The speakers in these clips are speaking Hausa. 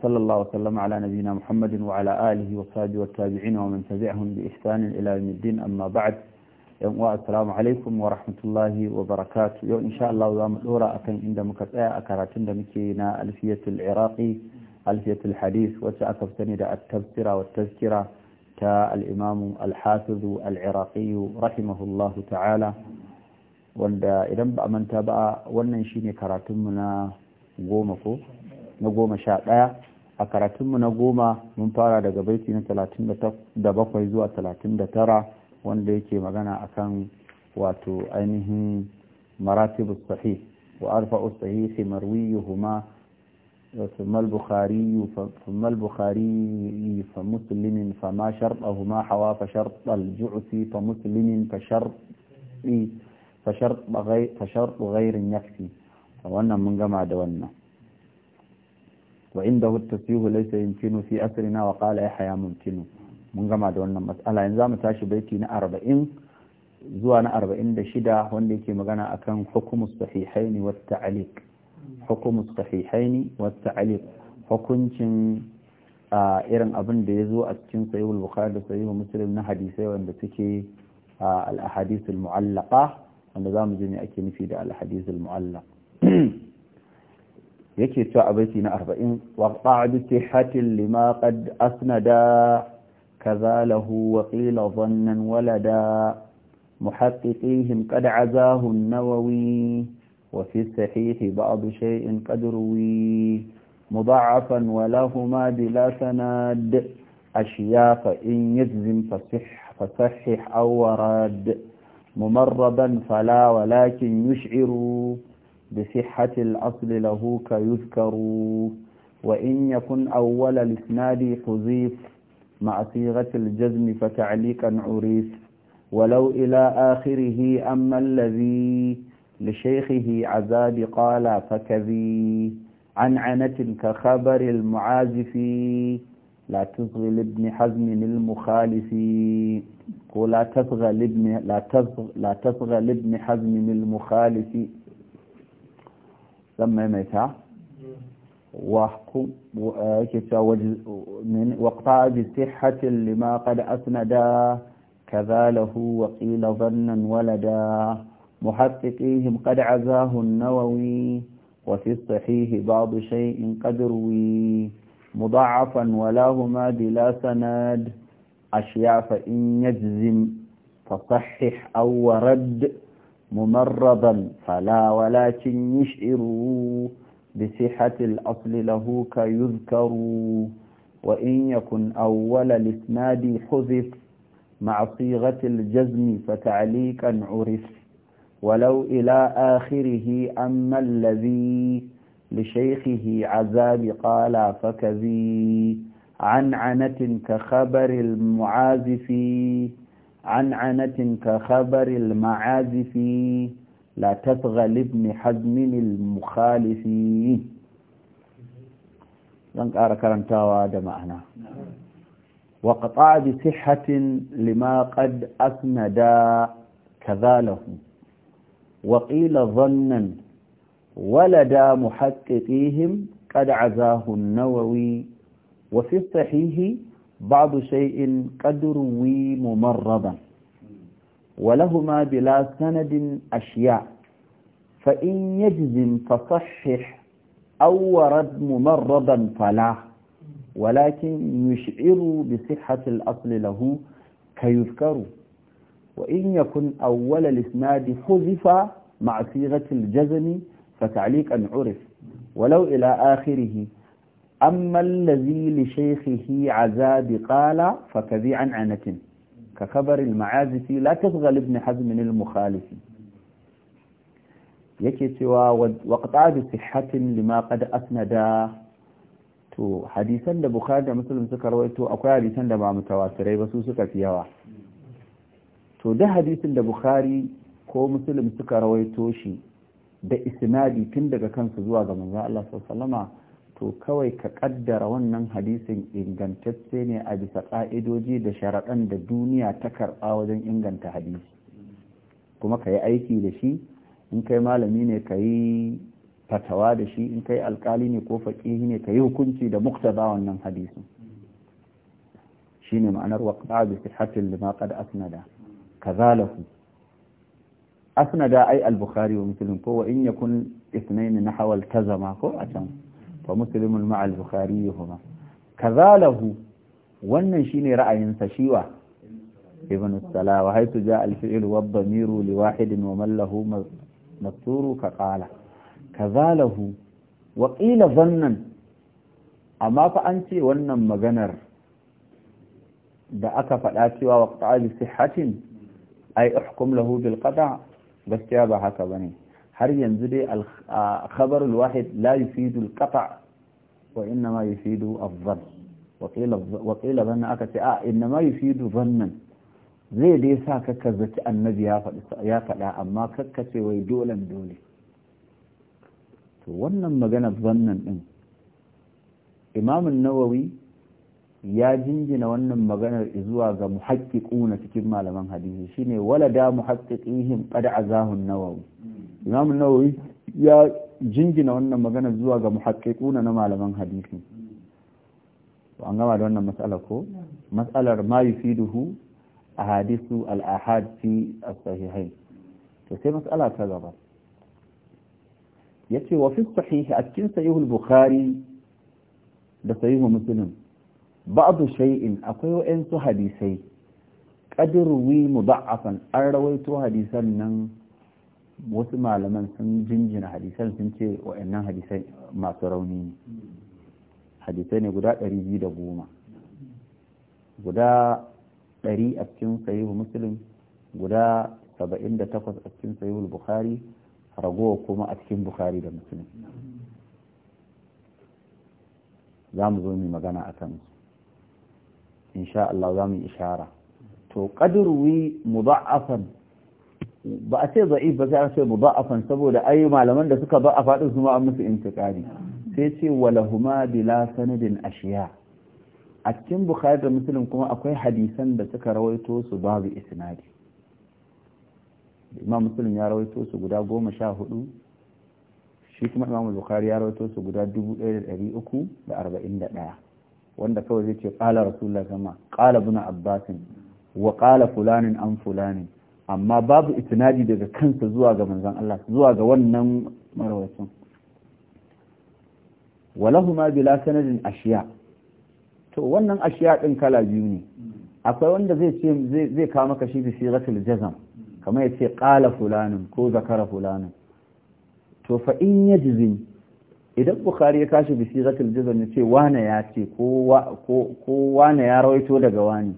وصلى الله وسلم على نبينا محمد وعلى آله وصحبه والتابعين ومن تبعهم بإحسان إلى يوم الدين أما بعد السلام عليكم ورحمة الله وبركاته يوم إن شاء الله زام الأورا أكن عند مكتئة أكراتن دمكينا ألفية العراقي ألفية الحديث وتأكفتني دا التبصرة والتذكرة الإمام الحافظ العراقي رحمه الله تعالى wanda idan ba manta ba wannan shine karatunmu na goma ko na goma sha ɗaya a karatunmu na goma mun fara daga baiti na 37 zuwa 39 wanda yake magana akan wato ainihin maratibu sahih wa arfa'u sahih marwiyuhuma ثم البخاري ثم البخاري فمسلم فما شرطهما حوا فشرط الجعفي فمسلم فشرط فشرط غير فشرط غير يكفي wannan mun gama da wannan وعنده التصحيح ليس يمكن في أثرنا haya يحيى ممكن mun gama da wannan matsala yanzu mu tashi baiti na arba'in zuwa na arba'in da shida wanda yake magana akan hukumus sahihaini wa ta'aliq hukumus sahihaini wa ta'aliq hukuncin irin abinda da ya zo a cikin sahihul bukhari da sahihul muslim na hadisai wanda suke al ahadithul mu'allaqa wanda zamu ji ne ake nufi da al yake cewa a baiti na 40 wa qa'du sihhatin lima qad asnada kaza lahu wa qila dhannan walada muhaqqiqihim qad azahu an-nawawi wa fi sahihi ba'd shay'in qad ruwi mudha'afan wa lahuma bila sanad ashiya fa in yajzim fasih fasahih aw warad mumarradan fala walakin yush'iru بصحة الأصل له كيذكر وإن يكن أول الإسناد حذيف مع صيغة الجزم فتعليقا عريف ولو إلى آخره أما الذي لشيخه عذاب قال فكذي عن عنة كخبر المعازف لا تصغي لابن حزم المخالف ولا تصغى لابن لا تصغى لابن حزم المخالف zan متى واحكم من وقطع بصحة لما قد أسندا كذا له وقيل ظنا ولدا محققيهم قد عزاه النووي وفي الصحيح بعض شيء قد روي مضاعفا ولاهما بلا سناد أشياء فإن يجزم فصحح أو ورد ممرضا فلا ولكن يشعروا بصحة الأصل له كيذكر وإن يكن أول الإسناد حذف مع صيغة الجزم فتعليقا عرف ولو إلى آخره أما الذي لشيخه عذاب قال فكذي عن عنة كخبر المعازف عن عنة كخبر المعازف لا تصغى لابن حزم المخالف لن قارة تواد معنا وقطع بصحة لما قد أثندا كذاله وقيل ظنا ولدا محققيهم قد عزاه النووي وفي الصحيح بعض شيء قد روي ممرضا ولهما بلا سند أشياء فإن يجزم فصحح أو ورد ممرضا فلا ولكن يشعر بصحة الأصل له كيذكر وإن يكن أول الإسناد حذف مع صيغة الجزم فتعليقا عرف ولو إلى آخره amma allazi li shaykhihi azabi qala fa kazi an anatin ka khabar al ma'azifi la tashghal ibn hazm al mukhalifi yake cewa waqta'a bi sihhatin lima qad asnada to hadisan da bukhari da muslim suka rawaito akwai hadisan da ba mutawatirai ba su suka fi yawa to da hadisin da bukhari ko muslim suka rawaito shi da isnadi tun daga kansu zuwa ga manzon Allah sallallahu to kawai ka kaddara wannan hadisin ingantacce ne a bisa ƙa'idoji da sharaɗan da duniya ta karɓa wajen inganta hadisi kuma ka yi aiki da shi in kai malami ne ka yi fatawa da shi in kai alkali ne ko faƙihi ne ka yi hukunci da muktaba wannan hadisin ne ma'anar waqa'a bi sihhatin lima qad asnada kazalahu asnada ai al-bukhari wa muslim ko wa in yakun ithnain nahwa kazama ko a can fa muslimun ma al-bukhari huma kazalahu wannan shine ra'ayin sa shiwa ibn salah wa haythu ja al-fi'l wa ad-damiru li wahidin wa man lahu masturu ka qala kazalahu wa qila zannan amma fa an ce wannan maganar da aka faɗa cewa waqta'a bi sihhatin ay uhkum lahu bil qada' gaskiya ba haka bane har yanzu dai al-khabar al-wahid la yufidu al-qata' wa innama yufidu adh-dhann wa qila dhanna aka ce a ah, innama yufidu dhannan zai dai sa ka kazzaci annabi ya faɗi ya faɗa amma kakkace wai dolan dole to wannan magana dhannan din Imam nawawi ya jinjina wannan maganar zuwa ga na cikin malaman hadisi shine walada muhaqqiqihim qad azahu an-Nawawi imam nawawi ya jingina wannan magana zuwa ga muhaqqiquna na malaman hadisi to an gama da wannan mas'ala ko mas'alar ma yufiduhu ahadithu al-ahad fi as-sahihayn to sai mas'ala ta gaba yace wa fi sahih a cikin sahih al-bukhari da sahih muslim Babu shay'in akwai wa'ansu hadisai qadru wi baafan an rawaito hadisan nan wasu malaman sun jinjina hadisan sun ce wa'annan hadisai masu rauni ne hadisai ne guda ɗari biyu da goma guda ɗari a cikin sayihu musulun, guda saba'in da takwas a cikin sayihu bukhari ragowa kuma a cikin bukhari da musulun. za mu zo mu magana a kan insha Allah za mu ishara to mu mudha'afan ba a ce za'if ba sai a ce mudha'afan saboda ai malaman da suka ba a faɗin su ma an musu intiqali sai ce walahuma bila sanadin ashiya a cikin bukhari da muslim kuma akwai hadisan da suka rawaito su babu isnadi imam muslim ya rawaito su guda goma sha hudu shi kuma imam bukhari ya rawaito su guda dubu ɗaya da ɗari uku da arba'in da ɗaya wanda kawai zai ce ƙala rasulullah kama, ƙala buna abbasin wa ƙala fulanin an fulanin amma babu itinadi daga kansa zuwa ga manzan Allah zuwa ga wannan walahu ma bila sanadin ashiya to wannan ashiya din kala biyu ne akwai wanda zai ce zai kawo maka shi bi siratul jazam kamar yace qala fulanin ko zakara fulanin to fa in yajzi idan bukhari ya kashi bi siratul jazam ya ce wane ya ce ko ko wane ya rawaito daga wani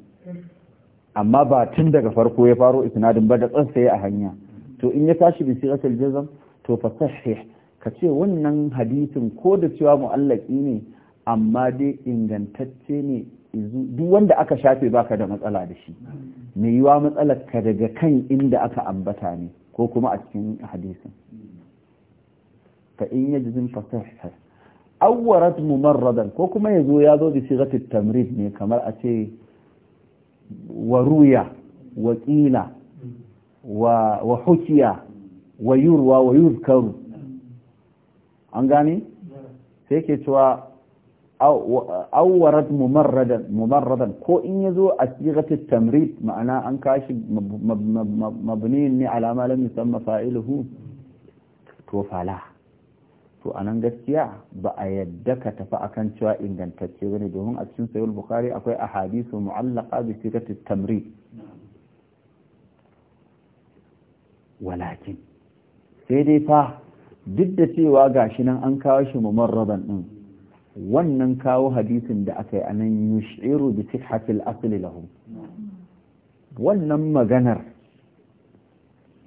amma ba tun daga farko ya faro isnadin ba da tsansaye a hanya to in ya tashi bi sigatul jazm to fa sahih ka ce wannan hadisin ko da cewa mu'allaki ne amma dai ingantacce ne duk wanda aka shafe baka da matsala da shi me yiwa matsalar ka daga kan inda aka ambata ne ko kuma a cikin hadisin fa in yajzim fa sahih awwarat mumarradan ko kuma yazo yazo bi sigatul tamrid ne kamar a ce wa ruya wa ƙila wa hukiya wa yurwa wa yuzkaru an gani. sai ke cewa awwarat mumarradan mumarradan ko in yazo a sigatit tamrid ma'ana an kashi mabni ne alama ma lam yusamma fa'iluhu to fala to a nan gaskiya ba a yadda ka tafi akan cewa ingantacce bane domin a cikin sayar bukari akwai ahadisu mu'allaqa bi tamri walakin sai dai fa duk da cewa gashi nan an kawo shi mumarraban din wannan kawo hadisin da aka yi anan yushiru bi sihhatil asli lahu wannan maganar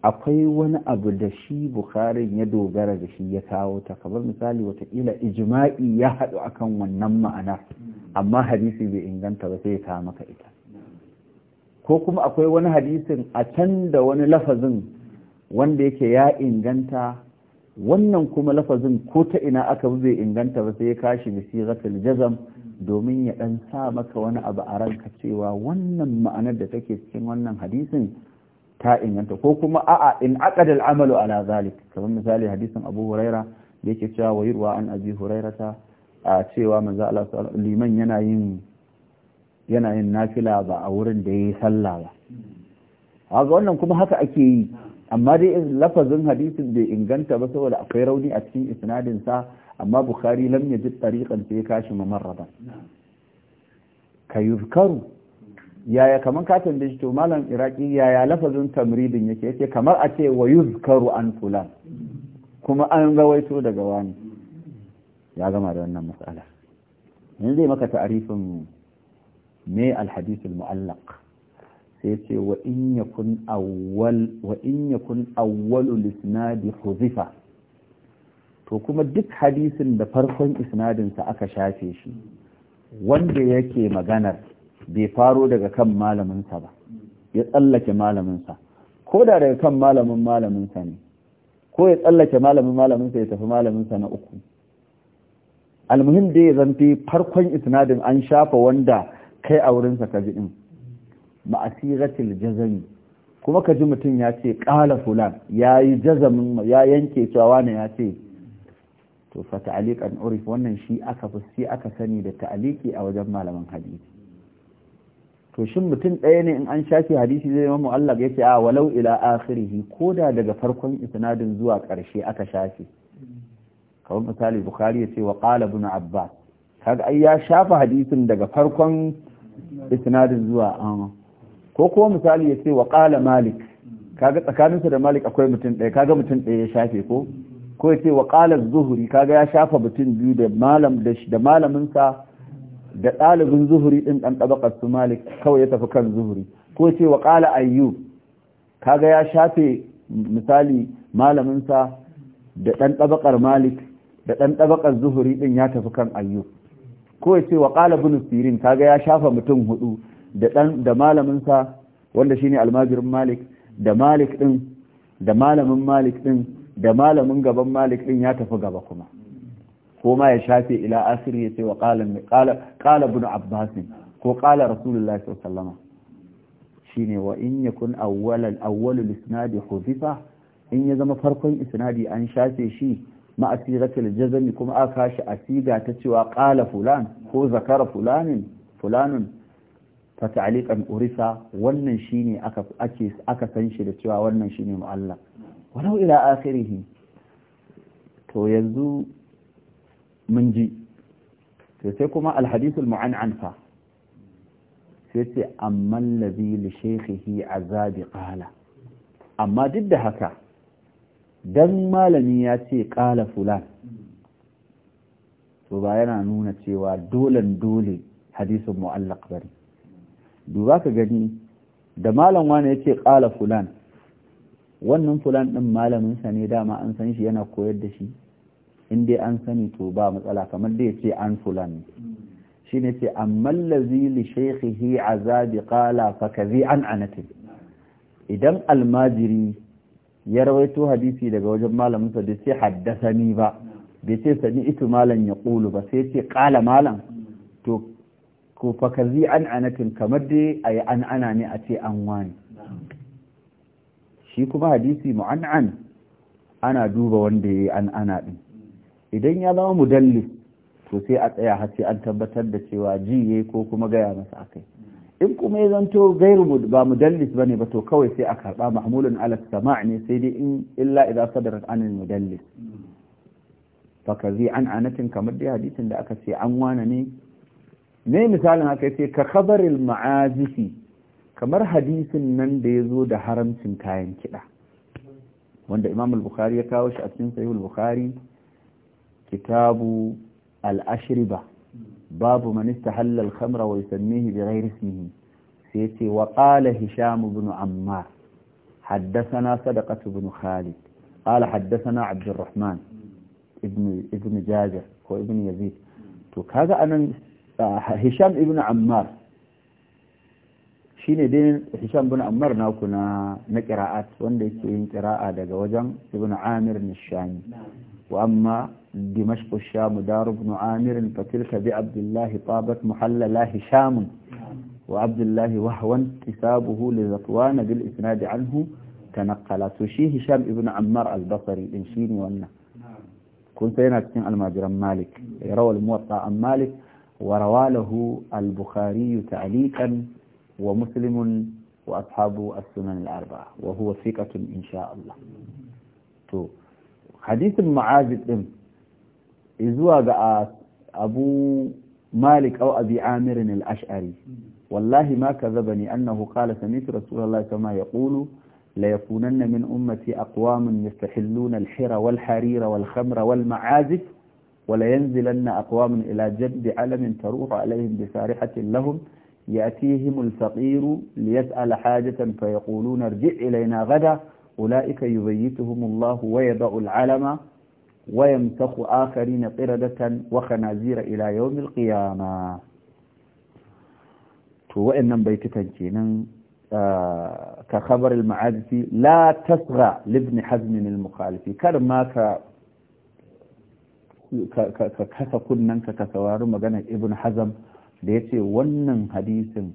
akwai wani abu da shi bukharin ya dogara da shi ya kawo ta kamar misali watakila ijma'i ya haɗu akan wannan ma'anar amma hadisi bai inganta ba sai ya kawo maka ita ko kuma akwai wani hadisin a can da wani lafazin wanda yake ya inganta wannan kuma lafazin ko ta ina aka bi bai inganta ba sai ya kashi bi zakal jazam domin ya ɗan sa maka wani abu a ranka cewa wannan ma'anar da take cikin wannan hadisin ta inganta ko kuma a'a in aqada al-amalu ala zalik kamar misali hadisin Abu Huraira da yake cewa wayirwa an Abi Hurairata a cewa manzo Allah liman yana yin yana yin nafila ba a wurin da yayi sallah ba haka wannan kuma haka ake yi amma dai lafazin hadisin bai inganta ba saboda akwai rauni a cikin isnadin sa amma Bukhari lam yajid tariqan sai kashi mamarradan kayuzkaru yaya kamar ka tambaye shi to malam iraki yaya lafazin tamridin yake yake kamar a ce wa yuzkaru an fulan kuma an rawaito daga wani ya gama da wannan matsala In zai maka ta'arifin me alhadith mu'allaq sai ya ce wa in yakun awwal wa in yakun awwalul isnad huzifa to kuma duk hadisin da farkon isnadinsa aka shafe shi wanda yake maganar bai faro daga kan malaminsa ba ya tsallake malaminsa ko da daga kan malamin malaminsa ne ko ya tsallake malamin malaminsa ya tafi malaminsa na uku almuhim da ya zanti farkon isnadin an shafa wanda kai a wurinsa ka ji in, ma'asiratil jazami kuma ka ji mutum ya ce ƙala fulan ya yi jazamin ya yanke cewa ne ya ce to fa ta'aliqan urif wannan shi aka fi aka sani da ta'aliki a wajen malaman hadisi to shin mutum ɗaya ne in an shafe hadisi zai zama ya ce a walau ila akhirihi ko da daga farkon isnadin zuwa ƙarshe aka shafe kawai misali bukhari ce wa qala ibn abbas kaga ai ya shafa hadisin daga farkon isnadin zuwa amma um, ko ko misali ce wa qala malik kaga tsakaninsa da malik akwai mutum ɗaya kaga mutum ɗaya ya shafe ko ko ce wa qala az-zuhri kaga ya shafa mutum biyu da malam da malamin sa da ɗalibin zuhuri ɗin ɗan ɗabaƙar su malik kawai ya tafi kan zuhuri ko ce wa ƙala ayyub kaga ya shafe misali malaminsa da ɗan ɗabaƙar malik da ɗan zuhuri ɗin ya tafi kan ayyub ko ya ce wa ƙala bin sirin kaga ya shafa mutum hudu da ɗan da malaminsa wanda shine almajirin malik da malik ɗin da malamin malik ɗin da malamin gaban malik ɗin ya tafi gaba kuma ko ma ya shafe ila asiri ya ce wa ƙala bin abbasin ko ƙala rasulullah sallama shi ne wa in ya kun awwalul isnadi hudifa in ya zama farkon isnadi an shafe shi ma'asiratul jazami kuma aka shi asiga ta cewa ƙala fulan ko zakara fulanin fulanun fa ta'liqan urisa wannan shine aka ake aka san shi da cewa wannan shine mu'alla walau ila akhirih to yanzu mun ji sai kuma alhadisul mu'an'an fa sai ce amman lazi li shekhihi azabi qala amma duk da haka dan malami ya ce qala fulan to ba yana nuna cewa dolan dole hadisin mu'allaq bari duba ka gani da malam wani ya ce qala fulan wannan fulan din malamin sa ne dama an san shi yana koyar da shi in dai an sani to ba matsala kamar da yace an fulan shi ne ce amma lazi li shaykhihi azabi qala fa kazi an anati idan almajiri ya rawaito hadisi daga wajen malamin sa da ce ni ba bai ce sani ita malam ya qulu ba sai ce qala malam to ko fa kazi an anatin kamar dai ayi an ana ne a ce an wani shi kuma hadisi mu'an'an ana duba wanda yayi an ana din idan ya zama mudallis to sai a tsaya har sai an tabbatar da cewa ji yayi ko kuma gaya masa akai in kuma ya zanto gairu ba mudallis bane ba to kawai sai a karba mahmulun ala sama' ne sai dai in illa idza sadara anil mudallis fakazi an anatin kamar dai hadisin da aka ce an wana ne ne misalin haka ce ka khabaril ma'azifi kamar hadisin nan da ya zo da haramcin kayan kiɗa wanda imam al-bukhari ya kawo shi a cikin sahih al-bukhari kitabu al-ashriba babu man istahalla al-khamra wa yusammihi bi ghairi ismihi sai yace wa qala hisham ibn ammar haddathana khalid qala الرحمن ibn ibn jabir ko ibn yazid to kaga anan hisham ibn ammar shine dai hisham ammar naku na na qira'at wanda yake yin qira'a daga wajen ibn amir nishani wa amma دمشق الشام دار بن عامر فتلك بعبد الله طابت محل لا هشام وعبد الله وهوا كتابه لذطوان بالإسناد عنه تنقل تشي هشام ابن عمار البصري انشيني وانا كنت هنا تكين الماجرا مالك روى الموطا عن مالك وروى له البخاري تعليقا ومسلم وأصحاب السنن الأربعة وهو ثقة إن شاء الله تو حديث المعاذ بن izuwa أبو مالك أو أبي عامر الأشعري والله ما كذبني أنه قال سميت رسول الله كما يقول ليكونن من أمتي أقوام يستحلون الحر والحرير والخمر والمعازف ولينزلن أقوام إلى جنب علم تروح عليهم بسارحة لهم يأتيهم الفقير ليسأل حاجة فيقولون ارجع إلينا غدا أولئك يبيتهم الله ويضع العلم ويمسخ آخرين قردة وخنازير إلى يوم القيامة وإن بيتكن كينن آه كخبر المعادفي لا تصغى لابن حزم المخالفي كرما ma ka kasa kunnanka ka saurari maganar ibn hazam da ya wannan hadisin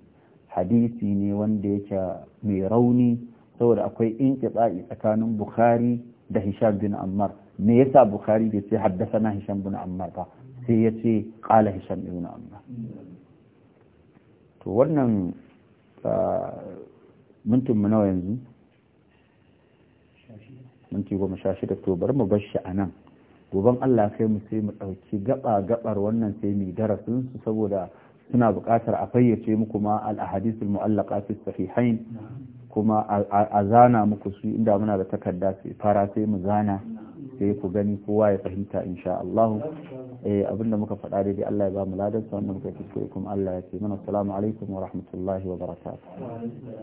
hadisi ne wanda yake mai rauni saboda akwai inƙiɗa'i tsakanin bukhari da hisham bin ammar me yasa bukhari bai ce haddasana hisham bin ammar ba sai ya ce qala hisham ibn ammar to wannan ah, mintin mu nawa yanzu minti goma sha shida to bari mu bar shi a nan goban Allah kai mu sai mu ɗauki gaba gabar wannan sai mu darasin su saboda suna buƙatar a fayyace muku ma al-ahadithul mu'allaqa fi sahihain kuma a zana muku su inda muna da takarda sai fara sai mu zana sai ku gani kowa ya fahimta insha Allah eh abinda muka faɗa dai Allah ya ba mu ladan sa wannan muka kuskure kuma Allah ya ce mana assalamu alaikum wa rahmatullahi wa barakatuh